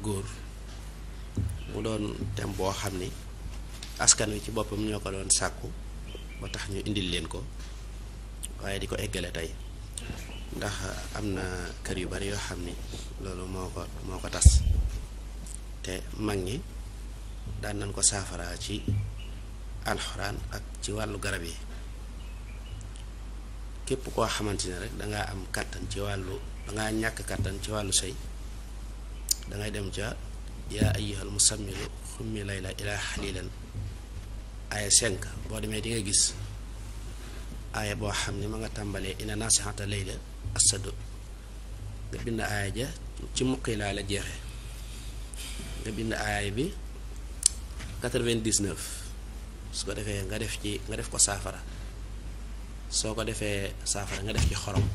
góor mu doon thème boo xam ni askan wi ci boppam ñoo ko doon sàkku ba tax ñu indil leen ko waaye di ko eggale tey ndax am na kër yu bari yoo xam ni loolu moo ko moo ko tas te mag ñi daan nañ ko saafara ci alxuraan ak ci wàllu garab yi képp koo xamante ne rek danga am kàttan ci wàllu dangaa ñàkk kàttan ci wàllu sëy dangay dem ca yaa ayyuhal musammilu xummi layla ilaa leen aaya 5 boo demee di nga gis aaya boo xam ne mu nga tàmbalee ina nasihata layla asado nga bind aaya ci muqi jeexe nga bind aaya bi 99 su ko defee nga def ci nga def ko saafara soo ko defee saafara nga def ci xorom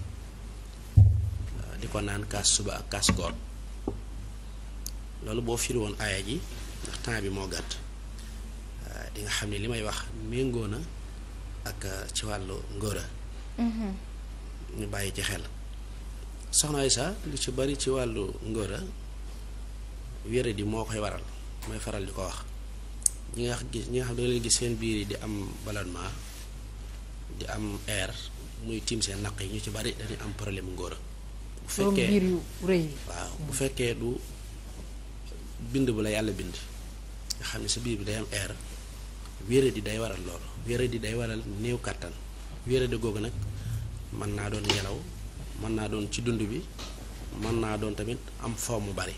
di ko naan kaas suba ak kaas góor loolu boo firi woon aaya ji ndax temps bi moo gàtt di nga xam ne li may wax méngoo na ak euh, ci wàllu ngóora mm-hmm. ñu bàyyi ci xel soxna Aysa lu ci bari ci wàllu ngóora wére di moo koy waral mooy faral di ko wax ñi nga gis ñi nga xam ne leen gis seen biir yi di am ballonnement di am air muy tiim seen naq yi ñu ci bari dañuy am problème ngóora bu fekkee waaw bu fekkee du bind bu la yàlla bind nga xam ne sa biir bi day am air wéeré day waral loolu wéeré di day waral néew kàttan wéeré di googu nag mën naa doon yelaw mën naa doon ci dund bi mën naa doon tamit am foom mu bari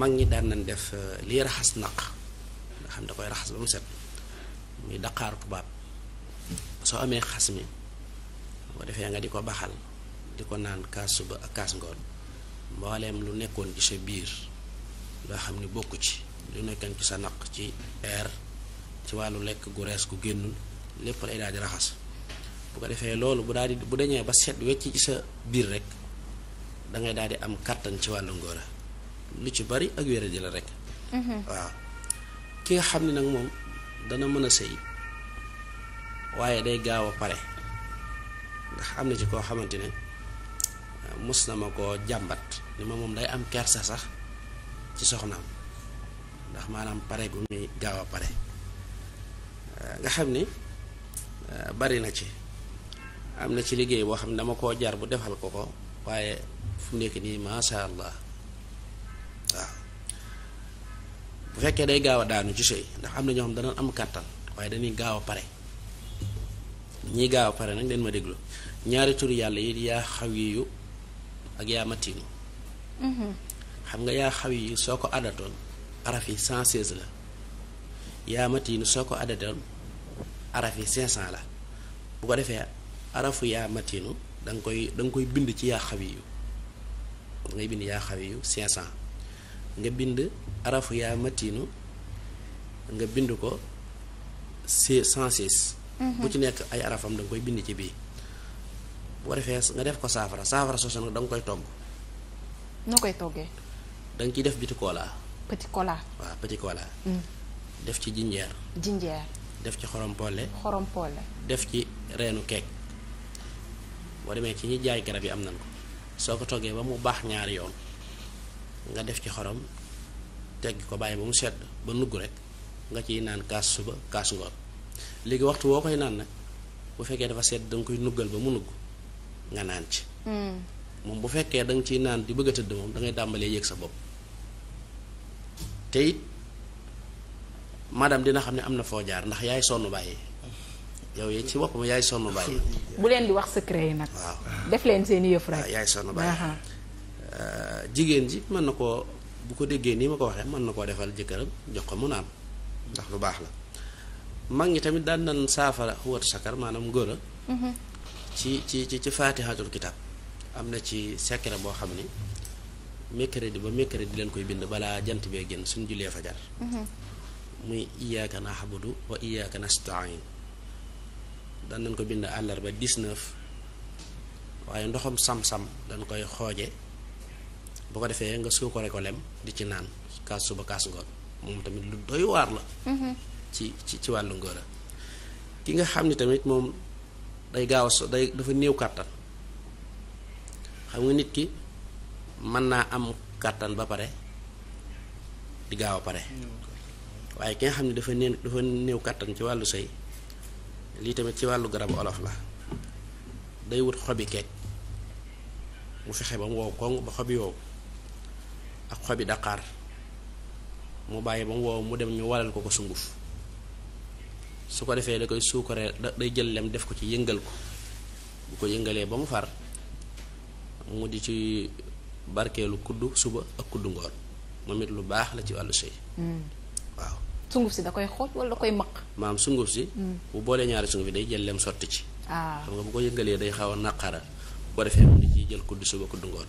mag ñi daan nañ def euh, li raxas naq nga xam da koy raxas ba mu set muy daqaar tubaab soo amee xas mi boo defee nga di ko baxal di ko naan kaas suba ak kaas ngoon mbooleem lu nekkoon ci sa biir loo xam ni bokk ci lu nekkoon ci sa naq ci air ci wàllu lekk gu rees gu génn lépp lay daal di raxas bu ko defee loolu bu daal di bu dañee ba set wecc ci sa biir rek dangay daal di am kàttan ci wàllu ngóora lu ci bari ak wéra di la rek mhm. waaw ki xam ni nag moom dana mën a sëy waaye day gaaw a pare ndax am na ci koo xamante ne mus na ma ko jàmbat ni ma moom day am kersa sax ci soxnaam ndax maanaam pare gu muy gaaw a pare euh, nga xam ni euh, bari na ci am na ci liggéey boo xam ne dama koo jar bu defal ko ko waaye fu nekk nii masha allah waaw bu fekkee day gaaw a daanu ci sëy ndax am na ñoo xam dana am kàttan waaye dañuy gaaw a pare ñii gaaw a pare nag leen ma déglu ñaari turu yàlla yi yaa xawiyu ak yaa matiinu mm-hmm. xam nga yaa xawi yi soo ko adatoon araf yi cent seize la yaa matiinu soo ko adatoon araf yi cinq cent la bu ko defee arafu yaa matiinu da koy danga koy bind ci yaa xawi yu da ngay bind yaa xawi yu cinq cent nga bind arafu yaa matiinu nga bind ko cent six mm-hmm. bu ci nekk ay arafam da koy bind ci bii bu ko defee nga def ko saafara saafara soo nag da koy togg. noo koy toggee. danga nga ciy def petit cola. Mm. def ci jinjeer. jinjeer. def ci xorom polle. def ci reenu keek boo demee ci ñi jaay garab yi am nañ ko soo ko toggee ba mu baax ñaari yoon nga def ci xorom tegg ko bàyyi ba mu sedd ba nugg rek nga ci naan kaas suba kaas ngoon léegi waxtu woo koy naan nag bu fekkee dafa sedd da koy nuggal ba mu nugg. nga naan ci. Hmm. moom bu fekkee da nga ciy naan di bëgg a tëdd moom da ngay tàmbalee yëg sa bopp te it dina xam ne am na foo jaar ndax yaay sonn bàyyi yow yi ci boppam yaay sonn bàyyi. bu leen di wax secret yi nag. waaw def leen seen yëf rek. yaay sonn bàyyi. Euh, jigéen ji mën na koo bu ko déggee nii ma ko waxee mën na koo defal jëkkëram jox ko mu naan ndax lu baax la mag ñi tamit daan nan saafara xuwatu sakar maanaam ngóora mhm. ci ci ci ci faatihatul am na ci secret boo xam ni mercredi ba mercredi leen koy bind balaa jant bee génn suñ julee fajar mhm. muy iyyaka na'budu wa iyyaka nasta'in dan nañ ko bind àllarba 19 waaye ndoxum sam-sam dañ koy xooje bu ko defee nga suukare ko lem di ci naan kaas suba kaas ngoon moom tamit lu doy waar la mhm. ci ci ci wàllu ngóora ki nga xam ni tamit moom day gaaw a so day dafa néew kàttan xam nga nit ki mën naa am kàttan ba pare di gaaw a pare waaye ki xam ne dafa néew dafa néew kàttan ci wàllu sëy lii tamit ci wàllu garab olof la day wut xobi keek mu fexe bam mu wow koŋ ba xobi wow ak xobi daqaar mu bàyyi bam wow mu dem ñu walal ko ko sunguf su ko defee da koy suukaree day jël lem def ko ci yëngal ko bu ko yëngalee ba mu far mu di ci barkeelu kudd suba ak kudd ngoon moom it lu baax la ci wàllu sëy mm. si da koy xooj wala da koy maq maam sunguf si mm. bu boolee ñaari sunguf yi day jël lem sotti ci ah. ko yëngalee day xaw naqara bu defee mu di jël kudd suba kudd ngoon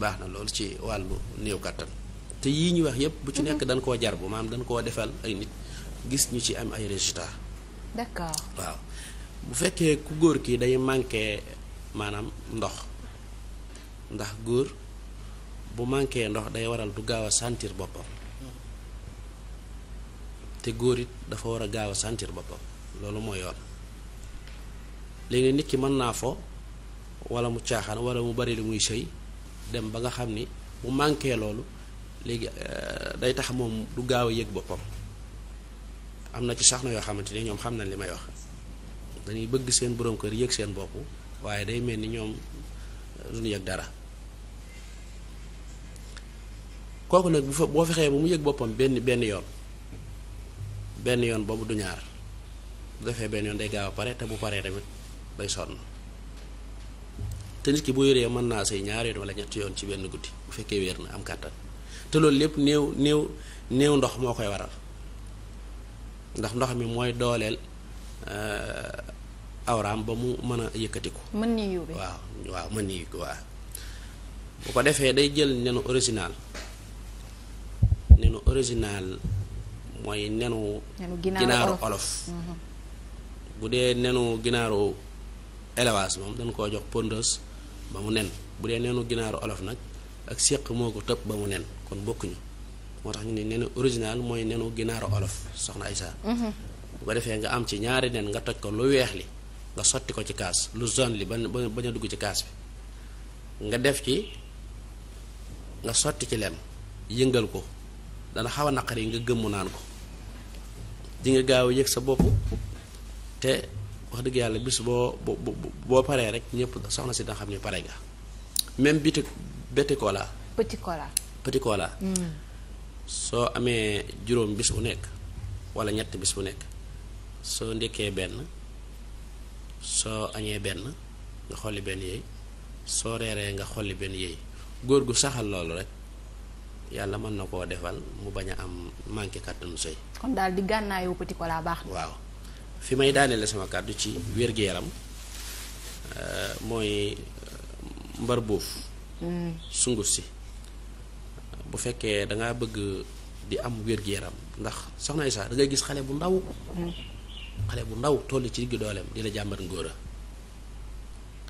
baax na lool ci wàllu néew kàttan te yii ñu wax yépp bu ci mm-hmm. nekk dañ koo jar bu maam dañ koo defal ay nit gis ñu ci am ay résultats d'accord waaw bu fekkee ku góor kii day manqué maanaam ndox ndax góor bu manqué ndox day waral du gaaw a sentir boppam te góor it dafa war a gaaw a sentir boppam loolu moo yoon léegi nit ki mën naa fo walla mu caaxaan wala mu bari li muy sëy dem ba nga xam ni mu manqué loolu léegi euh, day tax moom du gaaw a yëg boppam am na ci soxna yoo xamante ni ñoom xam nañ li may wax dañuy bëgg seen borom kër yëg seen bopp waaye day mel ni ñoom euh, duñu yëg dara kooku nag bu fa boo fexee ba mu yëg boppam benn benn yoon benn yoon boobu du ñaar bu defee benn yoon day gaaw a pare te bu paree tamit day sonn te nit ki bu yoree mën naa say ñaar yoon wala ñett yoon ci benn guddi bu fekkee wér na am kàttan te loolu lépp néew néew néew ndox moo koy waral ndax ndox mi mooy dooleel euh, awraam ba mu mën a yëkkatiku. mën ni yu waaw waaw mën ni yu bu ko defee day jël nenu original nenu original mooy nenu. ginaaru olof mhm. bu dee nenu ginaaru élevage moom dañ koo jox pondeuse ba mu nen bu dee nenu ginaaru olof nag ak séq moo ko tëb ba mu nen kon bokkuñu. moo tax ñu ne nenu original mooy nenu ginaaru olof soxna Aïssa mhm. bu ko defee nga am ci ñaari nen nga toj ko lu weex li nga sotti ko ci kaas lu jaune li ba bañ a dugg ci kaas bi nga def ci nga sotti ci lem yëngal ko dana xaw a naqar nga gëmmu naan ko di nga gaaw yëg sa bopp wax dëgg yàlla bis boo boo paree rek ñëpp soxna si danga xam pare nga même biti béti cola petit mm. soo amee juróom bis bu nekk wala ñett bis bu nekk soo ndékkee benn soo añee benn nga xolli benn yey soo reeree nga xolli benn yey góor gu saxal loolu rek yàlla mën na koo defal mu bañ a am manqué kàttanu sëy kon daal di gànnaayu petit cola baax na waaw fi may daaneele sama kàddu ci wér-gu-yaram euh, mooy euh, mbar boof mm. sunguf si bu fekkee da ngaa bëgg di am wér-gu-yaram ndax soxna Issa da ngay gis xale bu ndaw xale bu ndaw toll ci digg dooleem di la jàmbat ngóor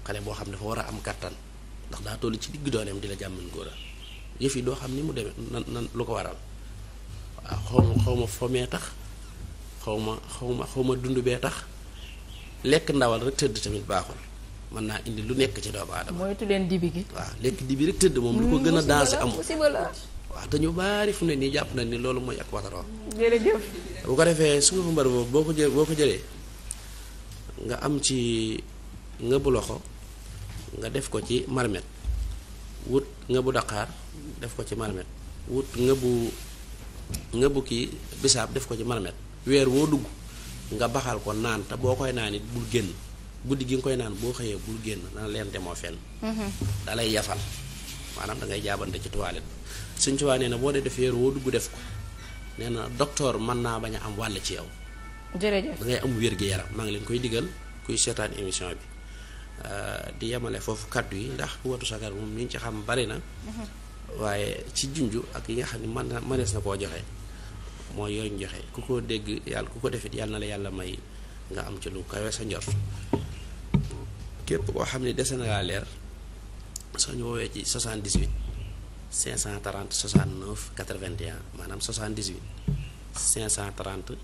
xale boo xam ne dafa war a am kattan ndax daa toll ci digg dooleem di la jàmbat ngóor a yëf yi doo xam ni mu demee nan nan lu ko waral waaw xaw ma xaw ma fomee tax xaw ma xaw ma xaw ma dund bee tax lekk ndawal rek tëdd tamit baaxul mën naa indi lu nekk ci doomu aadama. moytu leen dibi gi. waaw lekk dibi rek tëdd moom. lu ko gën a hmm, dansé amul waaw te ñu baari fu ne nii jàpp na ni loolu mooy ak wataroo. jërëjëf. bu ko defee suufu mbar boobu boo ko jë boo ko jëlee nga am ci ngëbu loxo nga def ko ci marmet wut ngëbu daqaar def ko ci marmet wut ngëbu ngëbu kii bisaab def ko ci marmet weer woo dugg nga baxal ko naan te boo koy naan it bul génn. guddi gi nga koy naan boo xëyee bul génn dana leen demoo fenn. Mhm. dalay lay yafal maanaam dangay ngay jaabante ci toilette suñ ci waa na boo dee def yéer woo dugg def ko nee na docteur mën naa bañ a am wàll ci yow. jërëjëf da ngay am wér gi yaram maa ngi leen koy digal kuy seetaan émission bi euh, di yemale foofu kaddu yi ndax watu sagar moom ñu ci xam bari na. Mhm. waaye ci junj ak yi nga xam ne mën na mënees na koo joxe mooy yooyu ñu ku ko dégg yàlla ku ko defit yàlla na la yàlla may nga am ci lu kawe sa njort. képp koo xam ne dese na ngaa leer soo ñu woowee ci 78 530 69 81 maanaam 78 530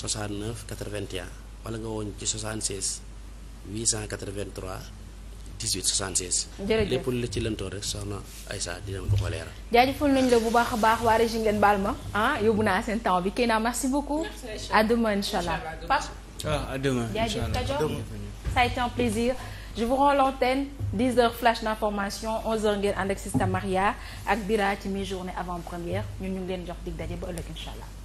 69 81 wala nga woon ci 76 883. 1876. jërëjëf lépp lu ci lëntoon rek soxna Aïssa dinañ ko ko leeral. jaajëfal nañ la bu baax a baax waa régie ngeen baal ma ah, bi Kéna merci ça a été un plaisir je vous rends l'antenne 10 heures flash d'information 11 heures ngeen ànd ak Sista Maria ak Bira ci mi journée avant première ñun ñu ngi leen jox dig daje ba ëllëg incha allah